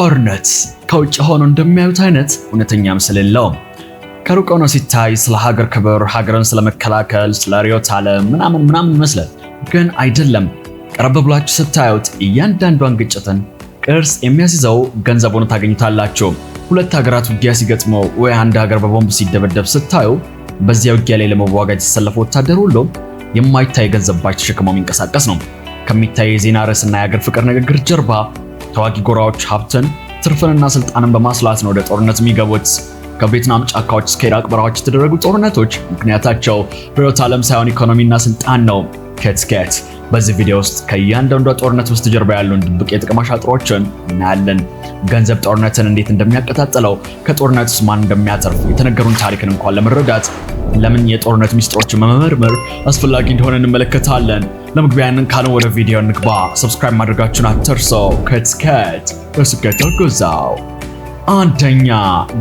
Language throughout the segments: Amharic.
ጦርነት ከውጭ ሆኖ እንደሚያዩት አይነት እውነተኛ ምስል የለውም። ከሩቅ ሆኖ ሲታይ ስለ ሀገር ክብር፣ ሀገርን ስለመከላከል፣ ስለ ርዕዮተ ዓለም ምናምን ምናምን ይመስላል፣ ግን አይደለም። ቀረብ ብላችሁ ስታዩት እያንዳንዷን ግጭትን ቅርጽ የሚያስይዘው ገንዘብ ሆኖ ታገኙታላችሁ። ሁለት ሀገራት ውጊያ ሲገጥመው ወይ አንድ ሀገር በቦምብ ሲደበደብ ስታዩ በዚያ ውጊያ ላይ ለመዋጋት የተሰለፈ ወታደር ሁሉ የማይታይ ገንዘብ ሸክመው የሚንቀሳቀስ ነው። ከሚታይ የዜና ርዕስና የሀገር ፍቅር ንግግር ጀርባ ተዋጊ ጎራዎች ሀብትን ትርፍንና ስልጣንን በማስላት ነው ወደ ጦርነት የሚገቡት። ከቬትናም ጫካዎች እስከ ኢራቅ በረሃዎች የተደረጉ ጦርነቶች ምክንያታቸው ርዕዮተ ዓለም ሳይሆን ኢኮኖሚና ስልጣን ነው። ከትከት በዚህ ቪዲዮ ውስጥ ከእያንዳንዷ ጦርነት በስተጀርባ ያሉን ድብቅ የጥቅም አሻጥሮችን እናያለን። ገንዘብ ጦርነትን እንዴት እንደሚያቀጣጥለው፣ ከጦርነት ውስጥ ማን እንደሚያተርፍ የተነገሩን ታሪክን እንኳን ለመረዳት ለምን የጦርነት ሚስጥሮችን መመርመር አስፈላጊ እንደሆነ እንመለከታለን። ለመግቢያንን ካለ ወደ ቪዲዮ እንግባ። ሰብስክራይብ ማድረጋችሁን አትርሶ። ከትከት በስኬት ጉዛው አንደኛ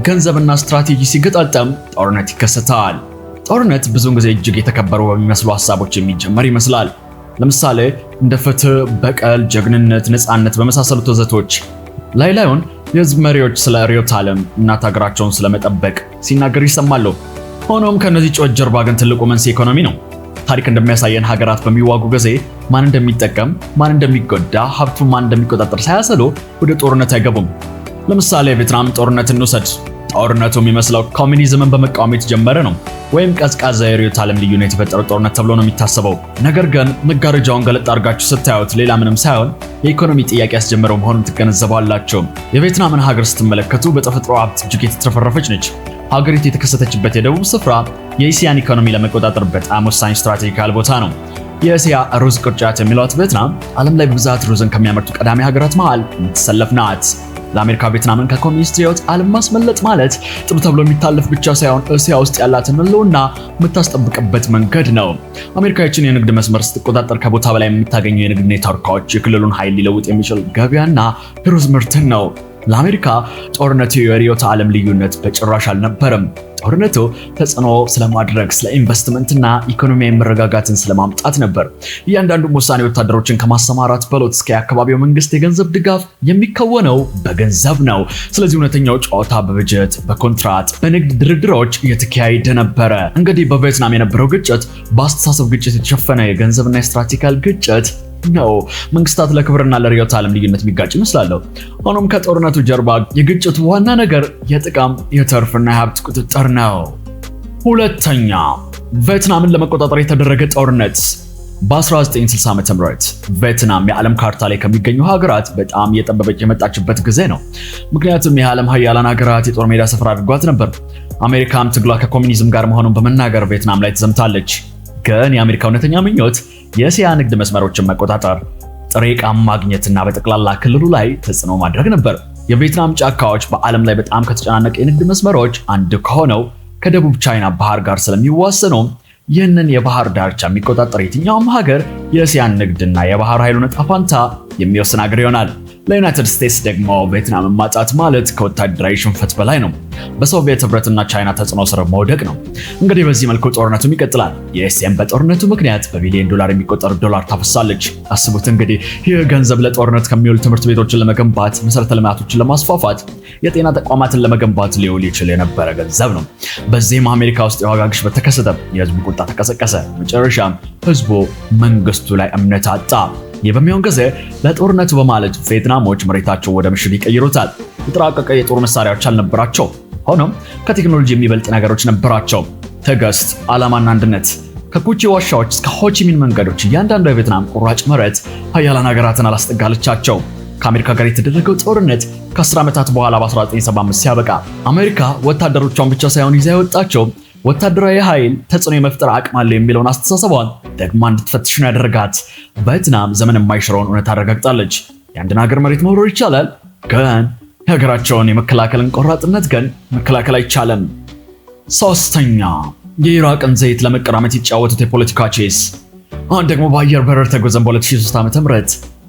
ገንዘብና ስትራቴጂ ሲገጣጠም ጦርነት ይከሰታል። ጦርነት ብዙውን ጊዜ እጅግ የተከበሩ በሚመስሉ ሀሳቦች የሚጀመር ይመስላል። ለምሳሌ እንደ ፍትህ፣ በቀል፣ ጀግንነት፣ ነፃነት በመሳሰሉት ወዘቶች ላይ ላይሆን የህዝብ መሪዎች ስለ ርዕዮተ ዓለም እናት ሀገራቸውን ስለመጠበቅ ሲናገር ይሰማሉ። ሆኖም ከእነዚህ ጩኸት ጀርባ ግን ትልቁ መንስኤ ኢኮኖሚ ነው። ታሪክ እንደሚያሳየን ሀገራት በሚዋጉ ጊዜ ማን እንደሚጠቀም፣ ማን እንደሚጎዳ፣ ሀብቱን ማን እንደሚቆጣጠር ሳያሰሉ ወደ ጦርነት አይገቡም። ለምሳሌ የቬትናም ጦርነት እንውሰድ። ጦርነቱ የሚመስለው ኮሚኒዝምን በመቃወም የተጀመረ ነው፣ ወይም ቀዝቃዛ የርዕዮተ ዓለም ልዩነት የተፈጠረ ጦርነት ተብሎ ነው የሚታሰበው። ነገር ግን መጋረጃውን ገለጥ አድርጋችሁ ስታዩት ሌላ ምንም ሳይሆን የኢኮኖሚ ጥያቄ ያስጀመረው መሆኑን ትገነዘባላችሁ። የቬትናምን ሀገር ስትመለከቱ በተፈጥሮ ሀብት እጅግ የተትረፈረፈች ነች። ሀገሪቱ የተከሰተችበት የደቡብ ስፍራ የእስያን ኢኮኖሚ ለመቆጣጠር በጣም ወሳኝ ስትራቴጂካል ቦታ ነው። የእስያ ሩዝ ቅርጫት የሚሏት ቬትናም ዓለም ላይ በብዛት ሩዝን ከሚያመርቱ ቀዳሚ ሀገራት መሃል የምትሰለፍ ናት። ለአሜሪካ ቬትናምን ከኮሚኒስት ህይወት ዓለም ማስመለጥ ማለት ጥሩ ተብሎ የሚታለፍ ብቻ ሳይሆን እስያ ውስጥ ያላትን ህልውና የምታስጠብቅበት መንገድ ነው። አሜሪካዎችን የንግድ መስመር ስትቆጣጠር ከቦታ በላይ የምታገኘው የንግድ ኔትወርኮች የክልሉን ኃይል ሊለውጥ የሚችል ገበያና የሩዝ ምርትን ነው። ለአሜሪካ ጦርነቱ የርዕዮተ ዓለም ልዩነት በጭራሽ አልነበረም። ጦርነቱ ተጽዕኖ ስለማድረግ ስለ ኢንቨስትመንትና ኢኮኖሚያዊ መረጋጋትን ስለማምጣት ነበር። እያንዳንዱ ውሳኔ ወታደሮችን ከማሰማራት በሎት እስከ የአካባቢው መንግስት የገንዘብ ድጋፍ የሚከወነው በገንዘብ ነው። ስለዚህ እውነተኛው ጨዋታ በበጀት፣ በኮንትራት፣ በንግድ ድርድሮች እየተካሄደ ነበረ። እንግዲህ በቪየትናም የነበረው ግጭት በአስተሳሰብ ግጭት የተሸፈነ የገንዘብና የስትራቴጂካል ግጭት ነው። መንግስታት ለክብርና ለርዕዮተ ዓለም ልዩነት የሚጋጭ ይመስላለሁ። ሆኖም ከጦርነቱ ጀርባ የግጭቱ ዋና ነገር የጥቅም የትርፍና የሀብት ቁጥጥር ነው። ሁለተኛ፣ ቬትናምን ለመቆጣጠር የተደረገ ጦርነት በ1960 ዓ ም ቬትናም የዓለም ካርታ ላይ ከሚገኙ ሀገራት በጣም እየጠበበች የመጣችበት ጊዜ ነው። ምክንያቱም የዓለም ሀያላን ሀገራት የጦር ሜዳ ስፍራ አድርጓት ነበር። አሜሪካም ትግሏ ከኮሚኒዝም ጋር መሆኑን በመናገር ቬትናም ላይ ትዘምታለች። ግን የአሜሪካ እውነተኛ ምኞት የእስያ ንግድ መስመሮችን መቆጣጠር፣ ጥሬ ዕቃም ማግኘትና በጠቅላላ ክልሉ ላይ ተጽዕኖ ማድረግ ነበር። የቬትናም ጫካዎች በዓለም ላይ በጣም ከተጨናነቀ የንግድ መስመሮች አንዱ ከሆነው ከደቡብ ቻይና ባህር ጋር ስለሚዋሰኑ ይህንን የባህር ዳርቻ የሚቆጣጠር የትኛውም ሀገር የእስያን ንግድና የባህር ኃይሉ ዕጣ ፈንታ የሚወስን ሀገር ይሆናል። ለዩናይትድ ስቴትስ ደግሞ ቬትናምን ማጣት ማለት ከወታደራዊ ሽንፈት በላይ ነው። በሶቪየት ህብረትና ቻይና ተጽዕኖ ስር መውደቅ ነው። እንግዲህ በዚህ መልኩ ጦርነቱም ይቀጥላል። ዩኤስኤም በጦርነቱ ምክንያት በቢሊዮን ዶላር የሚቆጠር ዶላር ታፈሳለች። አስቡት እንግዲህ ይህ ገንዘብ ለጦርነት ከሚውል ትምህርት ቤቶችን ለመገንባት፣ መሰረተ ልማቶችን ለማስፋፋት፣ የጤና ተቋማትን ለመገንባት ሊውል ይችል የነበረ ገንዘብ ነው። በዚህም አሜሪካ ውስጥ የዋጋ ግሽበት ተከሰተ። የህዝቡ ቁጣ ተቀሰቀሰ። መጨረሻም ህዝቡ መንግስቱ ላይ እምነት አጣ። ይህ በሚሆን ጊዜ ለጦርነቱ በማለት ቬትናሞች መሬታቸው ወደ ምሽግ ይቀይሩታል። የተራቀቀ የጦር መሳሪያዎች አልነበራቸው። ሆኖም ከቴክኖሎጂ የሚበልጥ ነገሮች ነበራቸው። ትዕግስት፣ ዓላማና አንድነት። ከኩቺ ዋሻዎች እስከ ሆቺሚን መንገዶች እያንዳንዱ የቬትናም ቁራጭ መሬት ሀያላን ሀገራትን አላስጠጋለቻቸው። ከአሜሪካ ጋር የተደረገው ጦርነት ከ10 ዓመታት በኋላ በ1975 ሲያበቃ አሜሪካ ወታደሮቿን ብቻ ሳይሆን ይዛ የወጣቸው ወታደራዊ ኃይል ተጽዕኖ የመፍጠር አቅም አለው የሚለውን አስተሳሰቧን ደግማ እንድትፈትሽ ነው ያደረጋት። በትናም ዘመን የማይሽረውን እውነት አረጋግጣለች። የአንድን ሀገር መሬት መውረር ይቻላል፣ ግን የሀገራቸውን የመከላከልን ቆራጥነት ግን መከላከል አይቻልም። ሶስተኛ የኢራቅን ዘይት ለመቀራመት የተጫወቱት የፖለቲካ ቼስ። አሁን ደግሞ በአየር በረር ተጉዘን በ2003 ዓ ም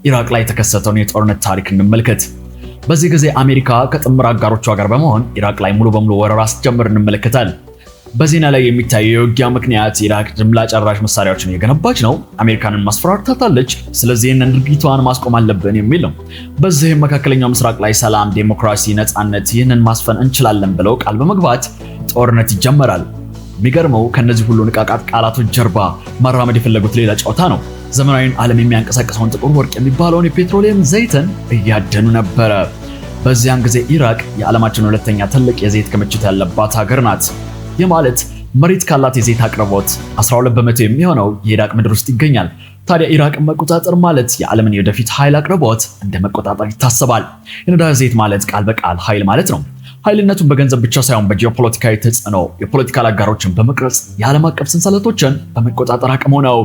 ኢራቅ ላይ የተከሰተውን የጦርነት ታሪክ እንመልከት። በዚህ ጊዜ አሜሪካ ከጥምር አጋሮቿ ጋር በመሆን ኢራቅ ላይ ሙሉ በሙሉ ወረራ ስትጀምር እንመለከታል። በዜና ላይ የሚታየው የውጊያ ምክንያት ኢራቅ ጅምላ ጨራሽ መሳሪያዎችን እየገነባች ነው፣ አሜሪካንን ማስፈራርታታለች፣ ስለዚህ ይህንን ድርጊቷን ማስቆም አለብን የሚል ነው። በዚህም መካከለኛው ምስራቅ ላይ ሰላም፣ ዴሞክራሲ፣ ነፃነት ይህንን ማስፈን እንችላለን ብለው ቃል በመግባት ጦርነት ይጀመራል። የሚገርመው ከእነዚህ ሁሉ ንቃቃት ቃላቶች ጀርባ መራመድ የፈለጉት ሌላ ጨዋታ ነው። ዘመናዊን ዓለም የሚያንቀሳቀሰውን ጥቁር ወርቅ የሚባለውን የፔትሮሊየም ዘይትን እያደኑ ነበረ። በዚያን ጊዜ ኢራቅ የዓለማችን ሁለተኛ ትልቅ የዘይት ክምችት ያለባት ሀገር ናት። ይህ ማለት መሬት ካላት የዘይት አቅርቦት 12 በመቶ የሚሆነው የኢራቅ ምድር ውስጥ ይገኛል። ታዲያ ኢራቅን መቆጣጠር ማለት የዓለምን የወደፊት ኃይል አቅርቦት እንደ መቆጣጠር ይታሰባል። የነዳጅ ዘይት ማለት ቃል በቃል ኃይል ማለት ነው። ኃይልነቱን በገንዘብ ብቻ ሳይሆን በጂኦፖለቲካዊ ተጽዕኖ የፖለቲካል አጋሮችን በመቅረጽ የዓለም አቀፍ ሰንሰለቶችን በመቆጣጠር አቅሞ ነው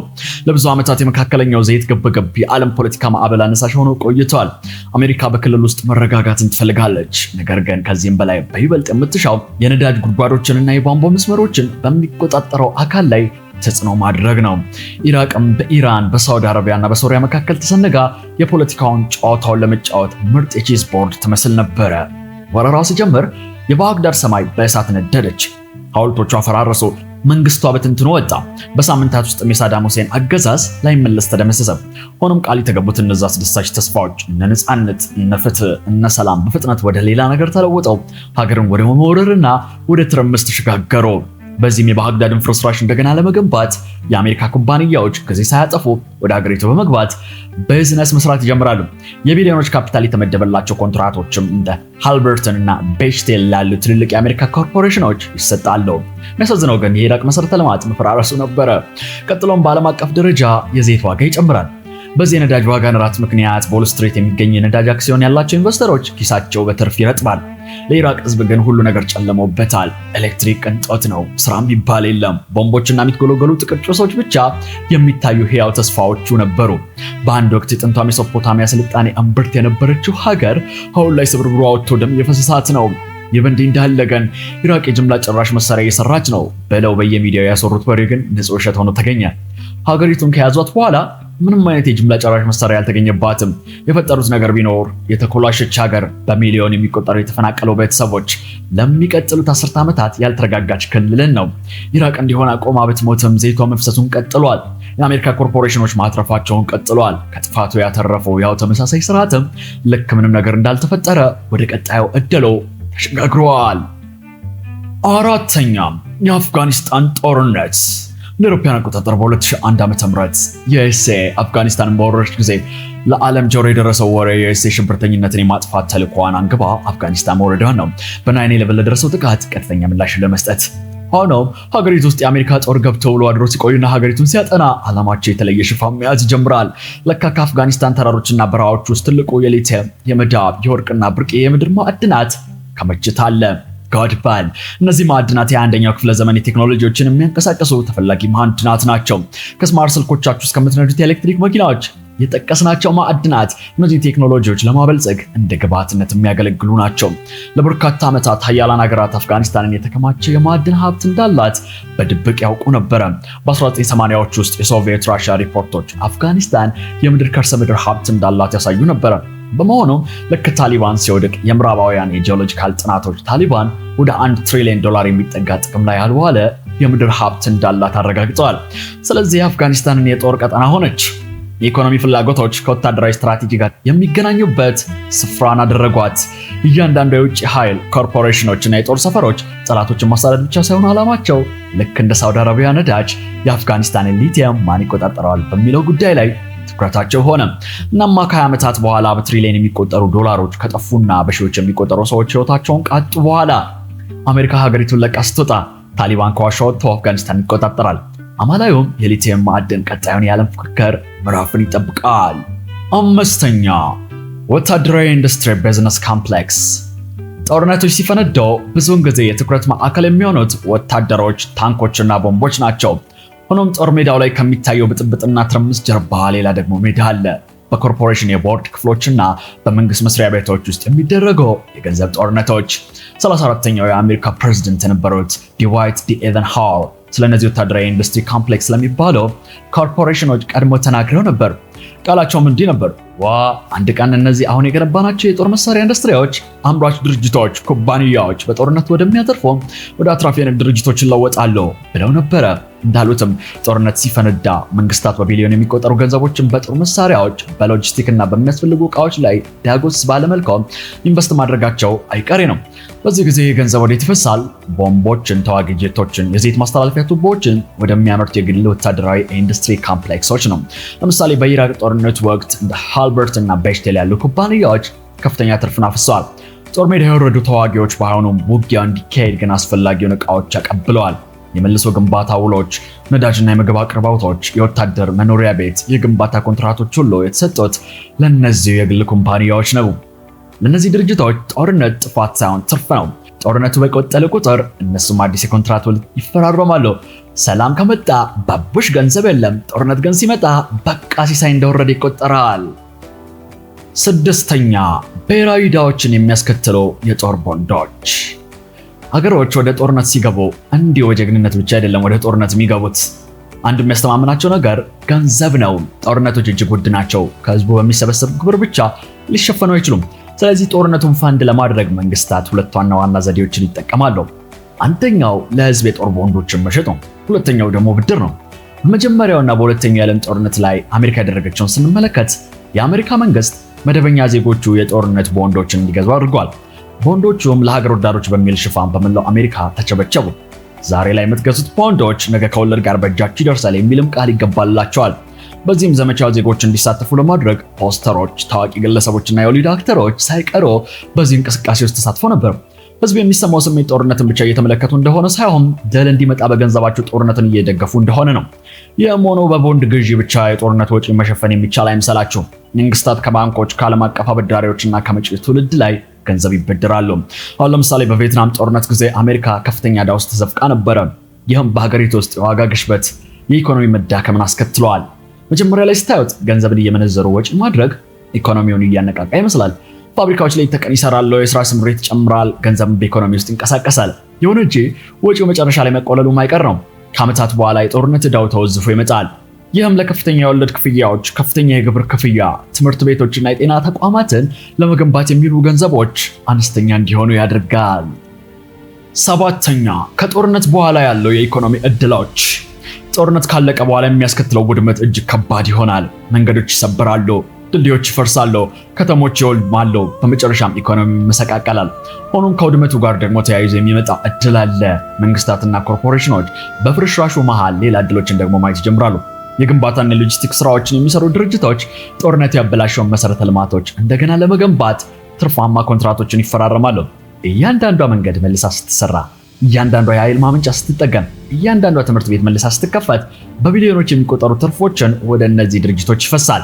ለብዙ ዓመታት የመካከለኛው ዘይት ገበገብ የዓለም ፖለቲካ ማዕበል አነሳሽ ሆኖ ቆይቷል። አሜሪካ በክልል ውስጥ መረጋጋትን ትፈልጋለች። ነገር ግን ከዚህም በላይ በይበልጥ የምትሻው የነዳጅ ጉድጓዶችንና የቧንቧ መስመሮችን በሚቆጣጠረው አካል ላይ ተጽዕኖ ማድረግ ነው። ኢራቅም በኢራን በሳውዲ አረቢያ እና በሶሪያ መካከል ተሰንጋ የፖለቲካውን ጨዋታውን ለመጫወት ምርጥ የቺዝ ቦርድ ትመስል ነበረ። ወረራው ሲጀምር የባግዳድ ሰማይ በእሳት ነደደች። ሐውልቶቿ አፈራረሱ። መንግስቷ በትንትኖ ወጣ። በሳምንታት ውስጥ የሳዳም ሁሴን አገዛዝ ላይመለስ ተደመሰሰ። ሆኖም ቃል የተገቡት እነዛ አስደሳች ተስፋዎች እነ ነፃነት፣ እነ ፍትህ፣ እነ ሰላም በፍጥነት ወደ ሌላ ነገር ተለውጠው ሀገርን ወደ መመውረርና ወደ ትርምስ ተሸጋገሩ። በዚህም የባግዳድን ፍርስራሽ እንደገና ለመገንባት የአሜሪካ ኩባንያዎች ጊዜ ሳያጠፉ ወደ ሀገሪቱ በመግባት ቢዝነስ መስራት ይጀምራሉ። የቢሊዮኖች ካፒታል የተመደበላቸው ኮንትራቶችም እንደ ሃልበርተን እና ቤሽቴል ላሉ ትልልቅ የአሜሪካ ኮርፖሬሽኖች ይሰጣሉ። የሚያሳዝነው ግን የኢራቅ መሰረተ ልማት መፈራረሱ ነበረ። ቀጥሎም በዓለም አቀፍ ደረጃ የዘይት ዋጋ ይጨምራል። በዚህ የነዳጅ ዋጋ ንራት ምክንያት ቦል ስትሪት የሚገኝ የነዳጅ አክሲዮን ያላቸው ኢንቨስተሮች ኪሳቸው በትርፍ ይረጥባል። ለኢራቅ ህዝብ ግን ሁሉ ነገር ጨለመውበታል። ኤሌክትሪክ ቅንጦት ነው፣ ስራም ቢባል የለም። ቦምቦችና የሚትጎለገሉ ጥቅጭሶች ብቻ የሚታዩ ህያው ተስፋዎቹ ነበሩ። በአንድ ወቅት የጥንቷ ሜሶፖታሚያ ስልጣኔ እምብርት የነበረችው ሀገር አሁን ላይ ስብርብሩ ወጥቶ ደም የፈሰሳት ነው። ይህ በእንዲህ እንዳለ ግን ኢራቅ የጅምላ ጨራሽ መሳሪያ እየሰራች ነው ብለው በየሚዲያው ያሰሩት ወሬ ግን ንጹህ ውሸት ሆኖ ተገኘ። ሀገሪቱን ከያዟት በኋላ ምንም አይነት የጅምላ ጨራሽ መሳሪያ ያልተገኘባትም። የፈጠሩት ነገር ቢኖር የተኮላሸች ሀገር፣ በሚሊዮን የሚቆጠሩ የተፈናቀሉ ቤተሰቦች፣ ለሚቀጥሉት አስርት ዓመታት ያልተረጋጋች ክልልን ነው። ኢራቅ እንዲሆን አቆማ ብትሞትም ዘይቷ መፍሰሱን ቀጥሏል። የአሜሪካ ኮርፖሬሽኖች ማትረፋቸውን ቀጥሏል። ከጥፋቱ ያተረፈው ያው ተመሳሳይ ስርዓትም ልክ ምንም ነገር እንዳልተፈጠረ ወደ ቀጣዩ እድሎ ተሸጋግረዋል። አራተኛም የአፍጋኒስታን ጦርነት እንደ አውሮፓውያን አቆጣጠር በ2001 ዓ ም ዩኤስኤ አፍጋኒስታንን በወረረች ጊዜ ለዓለም ጆሮ የደረሰው ወሬ የዩኤስኤ ሽብርተኝነትን የማጥፋት ተልዕኮዋን አንግባ አፍጋኒስታን መውረዷን ነው። በናይኔ ኢሌቨን ለደረሰው ጥቃት ቀጥተኛ ምላሽ ለመስጠት ሆኖም ሀገሪቱ ውስጥ የአሜሪካ ጦር ገብቶ ውሎ አድሮ ሲቆይና ሀገሪቱን ሲያጠና አላማቸው የተለየ ሽፋን መያዝ ይጀምራል። ለካ ከአፍጋኒስታን ተራሮችና በረሃዎች ውስጥ ትልቁ የሌተ የመዳብ የወርቅና ብርቅ የምድር ማዕድናት ከመችት አለ። ይካሄድበታል። እነዚህ ማዕድናት የአንደኛው ክፍለ ዘመን ቴክኖሎጂዎችን የሚያንቀሳቀሱ ተፈላጊ ማዕድናት ናቸው። ከስማርት ስልኮቻችሁ እስከምትነዱት የኤሌክትሪክ መኪናዎች የጠቀስናቸው ማዕድናት እነዚህ ቴክኖሎጂዎች ለማበልጸግ እንደ ግብዓትነት የሚያገለግሉ ናቸው። ለበርካታ ዓመታት ሀያላን ሀገራት አፍጋኒስታንን የተከማቸ የማዕድን ሀብት እንዳላት በድብቅ ያውቁ ነበረ። በ1980ዎች ውስጥ የሶቪየት ራሽያ ሪፖርቶች አፍጋኒስታን የምድር ከርሰ ምድር ሀብት እንዳላት ያሳዩ ነበረ። በመሆኑም ልክ ታሊባን ሲወድቅ የምዕራባውያን የጂኦሎጂካል ጥናቶች ታሊባን ወደ አንድ ትሪሊዮን ዶላር የሚጠጋ ጥቅም ላይ ያልዋለ የምድር ሀብት እንዳላት አረጋግጠዋል። ስለዚህ የአፍጋኒስታንን የጦር ቀጠና ሆነች። የኢኮኖሚ ፍላጎቶች ከወታደራዊ ስትራቴጂ ጋር የሚገናኙበት ስፍራን አደረጓት። እያንዳንዱ የውጭ ኃይል ኮርፖሬሽኖች እና የጦር ሰፈሮች ጠላቶችን ማሳደድ ብቻ ሳይሆን ዓላማቸው ልክ እንደ ሳውዲ አረቢያ ነዳጅ የአፍጋኒስታንን ሊቲየም ማን ይቆጣጠረዋል በሚለው ጉዳይ ላይ ትኩረታቸው ሆነ። እናማ ከ20 ዓመታት በኋላ በትሪሊየን የሚቆጠሩ ዶላሮች ከጠፉና በሺዎች የሚቆጠሩ ሰዎች ህይወታቸውን ካጡ በኋላ አሜሪካ ሀገሪቱን ለቃ ስትወጣ ታሊባን ከዋሻ ወጥቶ አፍጋኒስታን ይቆጣጠራል። አማላዩም የሊቲየም ማዕድን ቀጣዩን የዓለም ፉክክር ምዕራፍን ይጠብቃል። አምስተኛ ወታደራዊ ኢንዱስትሪ ቢዝነስ ኮምፕሌክስ። ጦርነቶች ሲፈነዳው ብዙውን ጊዜ የትኩረት ማዕከል የሚሆኑት ወታደሮች፣ ታንኮችና ቦምቦች ናቸው። ሆኖም ጦር ሜዳው ላይ ከሚታየው ብጥብጥና ትርምስ ጀርባ ሌላ ደግሞ ሜዳ አለ። በኮርፖሬሽን የቦርድ ክፍሎችና በመንግስት መስሪያ ቤቶች ውስጥ የሚደረገው የገንዘብ ጦርነቶች። 34ተኛው የአሜሪካ ፕሬዝደንት የነበሩት ዲዋይት ዲ ሃል ስለነዚህ ወታደራዊ ኢንዱስትሪ ኮምፕሌክስ ለሚባለው ኮርፖሬሽኖች ቀድሞ ተናግረው ነበር። ቃላቸውም እንዲህ ነበር። ዋ አንድ ቀን እነዚህ አሁን የገነባናቸው የጦር መሳሪያ ኢንዱስትሪዎች፣ አምራች ድርጅቶች፣ ኩባንያዎች በጦርነት ወደሚያተርፈው ወደ አትራፊ ንግድ ድርጅቶች ይለወጣሉ ብለው ነበረ። እንዳሉትም ጦርነት ሲፈነዳ መንግስታት በቢሊዮን የሚቆጠሩ ገንዘቦችን በጦር መሳሪያዎች፣ በሎጂስቲክ እና በሚያስፈልጉ እቃዎች ላይ ዳጎስ ባለመልካው ኢንቨስት ማድረጋቸው አይቀሬ ነው። በዚህ ጊዜ ገንዘብ ወዴት ይፈሳል? ቦምቦችን፣ ተዋጊ ጄቶችን፣ የዘይት ማስተላለፊያ ቱቦዎችን ወደሚያመርቱ የግል ወታደራዊ ኢንዱስትሪ ካምፕሌክሶች ነው። ለምሳሌ በኢራቅ ጦርነት ወቅት አልበርት እና ቤሽቴል ያሉ ኩባንያዎች ከፍተኛ ትርፍን አፍሰዋል። ጦር ሜዳ የወረዱ ተዋጊዎች በአሁኑ ውጊያው እንዲካሄድ ግን አስፈላጊውን እቃዎች አቀብለዋል። የመልሶ ግንባታ ውሎች፣ ነዳጅና የምግብ አቅርቦቶች፣ የወታደር መኖሪያ ቤት፣ የግንባታ ኮንትራቶች ሁሉ የተሰጡት ለእነዚሁ የግል ኩምፓኒያዎች ነው። ለእነዚህ ድርጅቶች ጦርነት ጥፋት ሳይሆን ትርፍ ነው። ጦርነቱ በቀጠለ ቁጥር እነሱም አዲስ የኮንትራት ውል ይፈራረማሉ። ሰላም ከመጣ በቡሽ ገንዘብ የለም፣ ጦርነት ግን ሲመጣ በቃ ሲሳይ እንደወረደ ይቆጠራል። ስድስተኛ ብሔራዊ ዕዳዎችን የሚያስከትሉ የጦር ቦንዶች። ሀገሮች ወደ ጦርነት ሲገቡ እንዲሁ በጀግንነት ብቻ አይደለም ወደ ጦርነት የሚገቡት። አንዱ የሚያስተማምናቸው ነገር ገንዘብ ነው። ጦርነቶች እጅግ ውድ ናቸው። ከህዝቡ በሚሰበሰብ ግብር ብቻ ሊሸፈኑ አይችሉም። ስለዚህ ጦርነቱን ፋንድ ለማድረግ መንግስታት ሁለት ዋና ዋና ዘዴዎችን ይጠቀማሉ። አንደኛው ለህዝብ የጦር ቦንዶችን መሸጥ ነው። ሁለተኛው ደግሞ ብድር ነው። በመጀመሪያውና በሁለተኛው የዓለም ጦርነት ላይ አሜሪካ ያደረገችውን ስንመለከት የአሜሪካ መንግስት መደበኛ ዜጎቹ የጦርነት ቦንዶችን እንዲገዙ አድርጓል። ቦንዶቹም ለሀገር ወዳዶች በሚል ሽፋን በመላው አሜሪካ ተቸበቸቡ። ዛሬ ላይ የምትገዙት ቦንዶች ነገ ከወለድ ጋር በእጃችሁ ይደርሳል የሚልም ቃል ይገባላቸዋል። በዚህም ዘመቻው ዜጎች እንዲሳተፉ ለማድረግ ፖስተሮች፣ ታዋቂ ግለሰቦችና የወሊድ አክተሮች ሳይቀሩ በዚህ እንቅስቃሴ ውስጥ ተሳትፎ ነበር። ህዝብ የሚሰማው ስሜት ጦርነትን ብቻ እየተመለከቱ እንደሆነ ሳይሆን ድል እንዲመጣ በገንዘባቸው ጦርነትን እየደገፉ እንደሆነ ነው። ይህም ሆኖ በቦንድ ግዢ ብቻ የጦርነት ወጪ መሸፈን የሚቻል አይምሰላችሁም። መንግስታት ከባንኮች ከዓለም አቀፍ አበዳሪዎችና ከመጪው ትውልድ ላይ ገንዘብ ይበደራሉ። አሁን ለምሳሌ በቪየትናም ጦርነት ጊዜ አሜሪካ ከፍተኛ ዕዳ ውስጥ ተዘፍቃ ነበረ። ይህም በሀገሪቱ ውስጥ የዋጋ ግሽበት፣ የኢኮኖሚ መዳከምን አስከትለዋል። መጀመሪያ ላይ ስታዩት ገንዘብን እየመነዘሩ ወጪ ማድረግ ኢኮኖሚውን እያነቃቃ ይመስላል። ፋብሪካዎች ላይ ተቀን ይሰራሉ፣ የስራ ስምሪት ይጨምራል፣ ገንዘብን በኢኮኖሚ ውስጥ ይንቀሳቀሳል። ይሁን እንጂ ወጪው መጨረሻ ላይ መቆለሉ ማይቀር ነው። ከዓመታት በኋላ የጦርነት ዕዳው ተወዝፎ ይመጣል። ይህም ለከፍተኛ የወለድ ክፍያዎች፣ ከፍተኛ የግብር ክፍያ፣ ትምህርት ቤቶችና የጤና ተቋማትን ለመገንባት የሚሉ ገንዘቦች አነስተኛ እንዲሆኑ ያደርጋል። ሰባተኛ ከጦርነት በኋላ ያለው የኢኮኖሚ እድሎች። ጦርነት ካለቀ በኋላ የሚያስከትለው ውድመት እጅግ ከባድ ይሆናል። መንገዶች ይሰበራሉ፣ ድልድዮች ይፈርሳሉ፣ ከተሞች ይወድማሉ፣ በመጨረሻም ኢኮኖሚ ይመሰቃቀላል። ሆኖም ከውድመቱ ጋር ደግሞ ተያይዞ የሚመጣ እድል አለ። መንግስታትና ኮርፖሬሽኖች በፍርስራሹ መሃል ሌላ እድሎችን ደግሞ ማየት ይጀምራሉ። የግንባታና የሎጂስቲክስ ስራዎችን የሚሰሩ ድርጅቶች ጦርነት ያበላሸውን መሰረተ ልማቶች እንደገና ለመገንባት ትርፋማ ኮንትራቶችን ይፈራረማሉ። እያንዳንዷ መንገድ መልሳ ስትሰራ፣ እያንዳንዷ የኃይል ማመንጫ ስትጠገም፣ እያንዳንዷ ትምህርት ቤት መልሳ ስትከፈት በቢሊዮኖች የሚቆጠሩ ትርፎችን ወደ እነዚህ ድርጅቶች ይፈሳል።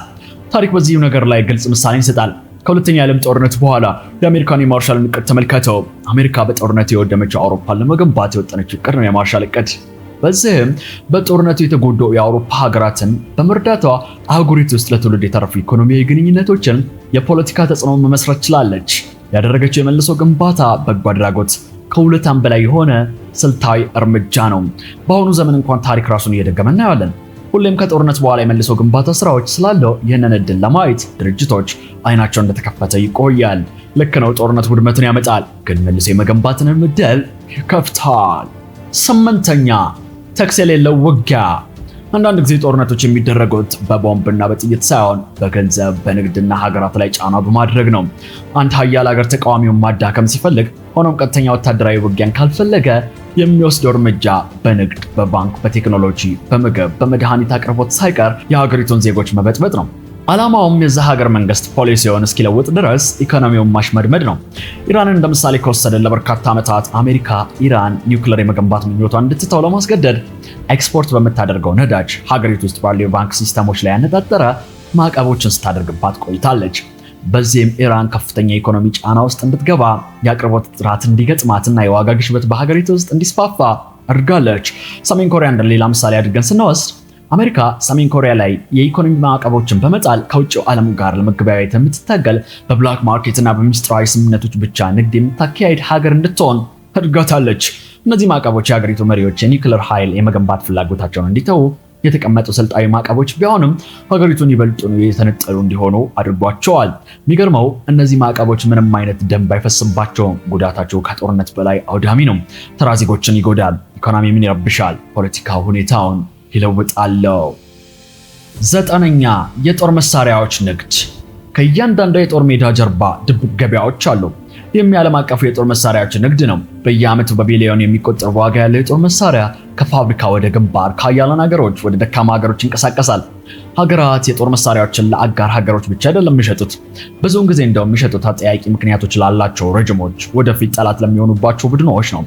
ታሪክ በዚህ ነገር ላይ ግልጽ ምሳሌ ይሰጣል። ከሁለተኛ የዓለም ጦርነት በኋላ የአሜሪካን የማርሻል እቅድ ተመልከተው። አሜሪካ በጦርነት የወደመችው አውሮፓን ለመገንባት የወጠነችው እቅድ ነው የማርሻል እቅድ። በዚህም በጦርነቱ የተጎዳው የአውሮፓ ሀገራትን በመርዳቷ አህጉሪቱ ውስጥ ለትውልድ የተረፉ ኢኮኖሚያዊ ግንኙነቶችን፣ የፖለቲካ ተጽዕኖ መመስረት ችላለች። ያደረገችው የመልሶ ግንባታ በጎ አድራጎት ከሁለታም በላይ የሆነ ስልታዊ እርምጃ ነው። በአሁኑ ዘመን እንኳን ታሪክ ራሱን እየደገመ እናያለን። ሁሌም ከጦርነት በኋላ የመልሶ ግንባታ ስራዎች ስላለው ይህንን እድል ለማየት ድርጅቶች አይናቸው እንደተከፈተ ይቆያል። ልክ ነው፣ ጦርነት ውድመትን ያመጣል፣ ግን መልሶ የመገንባትን እድል ይከፍታል። ስምንተኛ ተክስ የሌለው ውጊያ። አንዳንድ ጊዜ ጦርነቶች የሚደረጉት በቦምብና በጥይት ሳይሆን በገንዘብ በንግድና ሀገራት ላይ ጫና በማድረግ ነው። አንድ ሀያል ሀገር ተቃዋሚውን ማዳከም ሲፈልግ፣ ሆኖም ቀጥተኛ ወታደራዊ ውጊያን ካልፈለገ የሚወስደው እርምጃ በንግድ፣ በባንክ፣ በቴክኖሎጂ፣ በምግብ፣ በመድኃኒት አቅርቦት ሳይቀር የሀገሪቱን ዜጎች መበጥበጥ ነው። ዓላማውም የዛ ሀገር መንግስት ፖሊሲውን እስኪለውጥ ድረስ ኢኮኖሚውን ማሽመድመድ ነው። ኢራንን እንደ ምሳሌ ከወሰደን ለበርካታ ዓመታት አሜሪካ ኢራን ኒውክሌር የመገንባት ምኞቷን እንድትተው ለማስገደድ ኤክስፖርት በምታደርገው ነዳጅ ሀገሪቱ ውስጥ ባሉ የባንክ ሲስተሞች ላይ ያነጣጠረ ማዕቀቦችን ስታደርግባት ቆይታለች። በዚህም ኢራን ከፍተኛ የኢኮኖሚ ጫና ውስጥ እንድትገባ የአቅርቦት ጥራት እንዲገጥማትና የዋጋ ግሽበት በሀገሪቱ ውስጥ እንዲስፋፋ አድርጋለች። ሰሜን ኮሪያ እንደ ሌላ ምሳሌ አድርገን ስንወስድ አሜሪካ ሰሜን ኮሪያ ላይ የኢኮኖሚ ማዕቀቦችን በመጣል ከውጭው ዓለም ጋር ለመገበያየት የምትታገል በብላክ ማርኬትና በሚስጥራዊ ስምምነቶች ብቻ ንግድ የምታካሄድ ሀገር እንድትሆን እድገታለች። እነዚህ ማዕቀቦች የሀገሪቱ መሪዎች የኒክለር ኃይል የመገንባት ፍላጎታቸውን እንዲተዉ የተቀመጡ ስልጣዊ ማዕቀቦች ቢሆንም ሀገሪቱን ይበልጡኑ የተነጠሉ እንዲሆኑ አድርጓቸዋል። የሚገርመው እነዚህ ማዕቀቦች ምንም አይነት ደም ባይፈስባቸውም ጉዳታቸው ከጦርነት በላይ አውዳሚ ነው። ተራ ዜጎችን ይጎዳል፣ ምን ይረብሻል፣ ፖለቲካ ሁኔታውን ይለውጣለው። ዘጠነኛ የጦር መሳሪያዎች ንግድ። ከእያንዳንዱ የጦር ሜዳ ጀርባ ድብቅ ገበያዎች አሉ። ይህም የዓለም አቀፉ የጦር መሳሪያዎች ንግድ ነው። በየዓመቱ በቢሊዮን የሚቆጠር ዋጋ ያለው የጦር መሳሪያ ከፋብሪካ ወደ ግንባር ከአያላን ሀገሮች ወደ ደካማ ሀገሮች ይንቀሳቀሳል። ሀገራት የጦር መሳሪያዎችን ለአጋር ሀገሮች ብቻ አይደለም የሚሸጡት። ብዙውን ጊዜ እንደውም የሚሸጡት አጠያቂ ምክንያቶች ላላቸው ረጅሞች፣ ወደፊት ጠላት ለሚሆኑባቸው ቡድኖች ነው።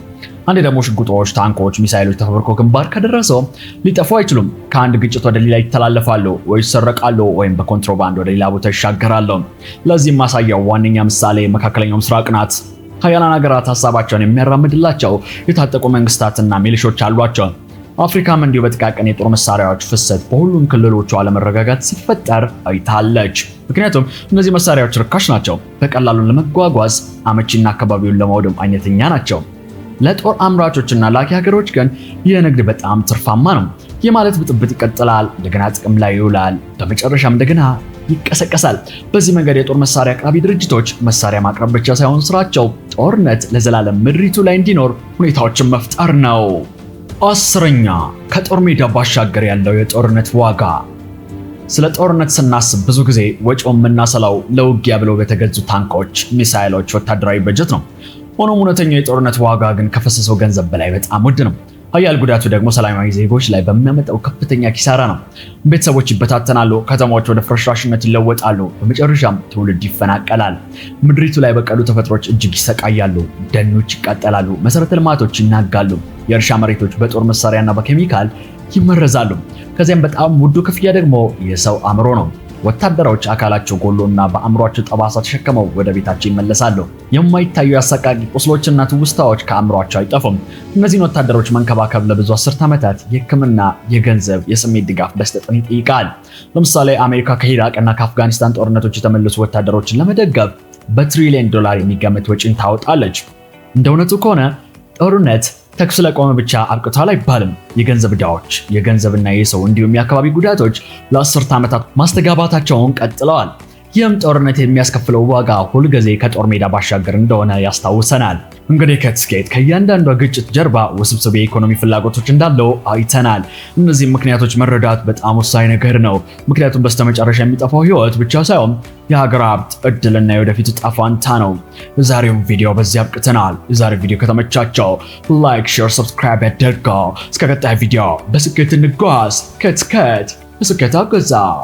አንድ ደግሞ ሽጉጦች፣ ታንኮች፣ ሚሳይሎች ተፈብርኮ ግንባር ከደረሰው ሊጠፉ አይችሉም። ከአንድ ግጭት ወደ ሌላ ይተላለፋሉ ወይ ይሰረቃሉ፣ ወይም በኮንትሮባንድ ወደ ሌላ ቦታ ይሻገራሉ። ለዚህም ማሳያው ዋነኛ ምሳሌ መካከለኛው ምስራቅ ናት። ሀያላን ሀገራት ሀሳባቸውን የሚያራምድላቸው የታጠቁ መንግስታትና ሚሊሾች አሏቸው። አፍሪካም እንዲሁ በጥቃቅን የጦር መሳሪያዎች ፍሰት በሁሉም ክልሎቿ አለመረጋጋት ሲፈጠር አይታለች። ምክንያቱም እነዚህ መሳሪያዎች ርካሽ ናቸው፣ በቀላሉን ለመጓጓዝ አመቺና አካባቢውን ለማውደም አይነተኛ ናቸው። ለጦር አምራቾችና ላኪ ሀገሮች ግን ይህ ንግድ በጣም ትርፋማ ነው። ይህ ማለት ብጥብጥ ይቀጥላል፣ እንደገና ጥቅም ላይ ይውላል፣ በመጨረሻም እንደገና ይቀሰቀሳል። በዚህ መንገድ የጦር መሳሪያ አቅራቢ ድርጅቶች መሳሪያ ማቅረብ ብቻ ሳይሆን ስራቸው ጦርነት ለዘላለም ምድሪቱ ላይ እንዲኖር ሁኔታዎችን መፍጠር ነው። አስረኛ ከጦር ሜዳ ባሻገር ያለው የጦርነት ዋጋ። ስለ ጦርነት ስናስብ ብዙ ጊዜ ወጪውን የምናሰላው ለውጊያ ብለው በተገዙ ታንኮች፣ ሚሳይሎች፣ ወታደራዊ በጀት ነው። ሆኖም እውነተኛው የጦርነት ዋጋ ግን ከፈሰሰው ገንዘብ በላይ በጣም ውድ ነው። ሀያል ጉዳቱ ደግሞ ሰላማዊ ዜጎች ላይ በሚያመጣው ከፍተኛ ኪሳራ ነው። ቤተሰቦች ይበታተናሉ፣ ከተማዎች ወደ ፍርስራሽነት ይለወጣሉ፣ በመጨረሻም ትውልድ ይፈናቀላል። ምድሪቱ ላይ በቀሉ ተፈጥሮች እጅግ ይሰቃያሉ፣ ደኖች ይቃጠላሉ፣ መሰረተ ልማቶች ይናጋሉ፣ የእርሻ መሬቶች በጦር መሳሪያና በኬሚካል ይመረዛሉ። ከዚያም በጣም ውዱ ክፍያ ደግሞ የሰው አእምሮ ነው። ወታደሮች አካላቸው ጎሎና በአእምሯቸው ጠባሳ ተሸክመው ወደ ቤታቸው ይመለሳሉ። የማይታዩ አሰቃቂ ቁስሎችና ትውስታዎች ከአእምሯቸው አይጠፉም። እነዚህን ወታደሮች መንከባከብ ለብዙ አስርት ዓመታት የሕክምና፣ የገንዘብ፣ የስሜት ድጋፍ በስተጥን ይጠይቃል። ለምሳሌ አሜሪካ ከኢራቅና ከአፍጋኒስታን ጦርነቶች የተመለሱ ወታደሮችን ለመደገፍ በትሪሊየን ዶላር የሚገመት ወጪን ታወጣለች። እንደ እውነቱ ከሆነ ጦርነት ተኩስ ለቆመ ብቻ አብቅቷል አይባልም። የገንዘብ ዕዳዎች፣ የገንዘብና የሰው እንዲሁም የአካባቢ ጉዳቶች ለአስርተ ዓመታት ማስተጋባታቸውን ቀጥለዋል። ይህም ጦርነት የሚያስከፍለው ዋጋ ሁልጊዜ ከጦር ሜዳ ባሻገር እንደሆነ ያስታውሰናል። እንግዲህ ከትስኬት ከእያንዳንዷ ግጭት ጀርባ ውስብስብ የኢኮኖሚ ፍላጎቶች እንዳለው አይተናል። እነዚህ ምክንያቶች መረዳት በጣም ወሳኝ ነገር ነው። ምክንያቱም በስተመጨረሻ የሚጠፋው ህይወት ብቻ ሳይሆን የሀገር ሀብት፣ እድልና የወደፊት እጣ ፈንታ ነው። የዛሬውን ቪዲዮ በዚህ አብቅተናል። የዛሬ ቪዲዮ ከተመቻቸው ላይክ፣ ሼር፣ ሰብስክራይብ ያደርገው። እስከ ቀጣይ ቪዲዮ በስኬት እንጓዝ። ከትስኬት በስኬት አገዛው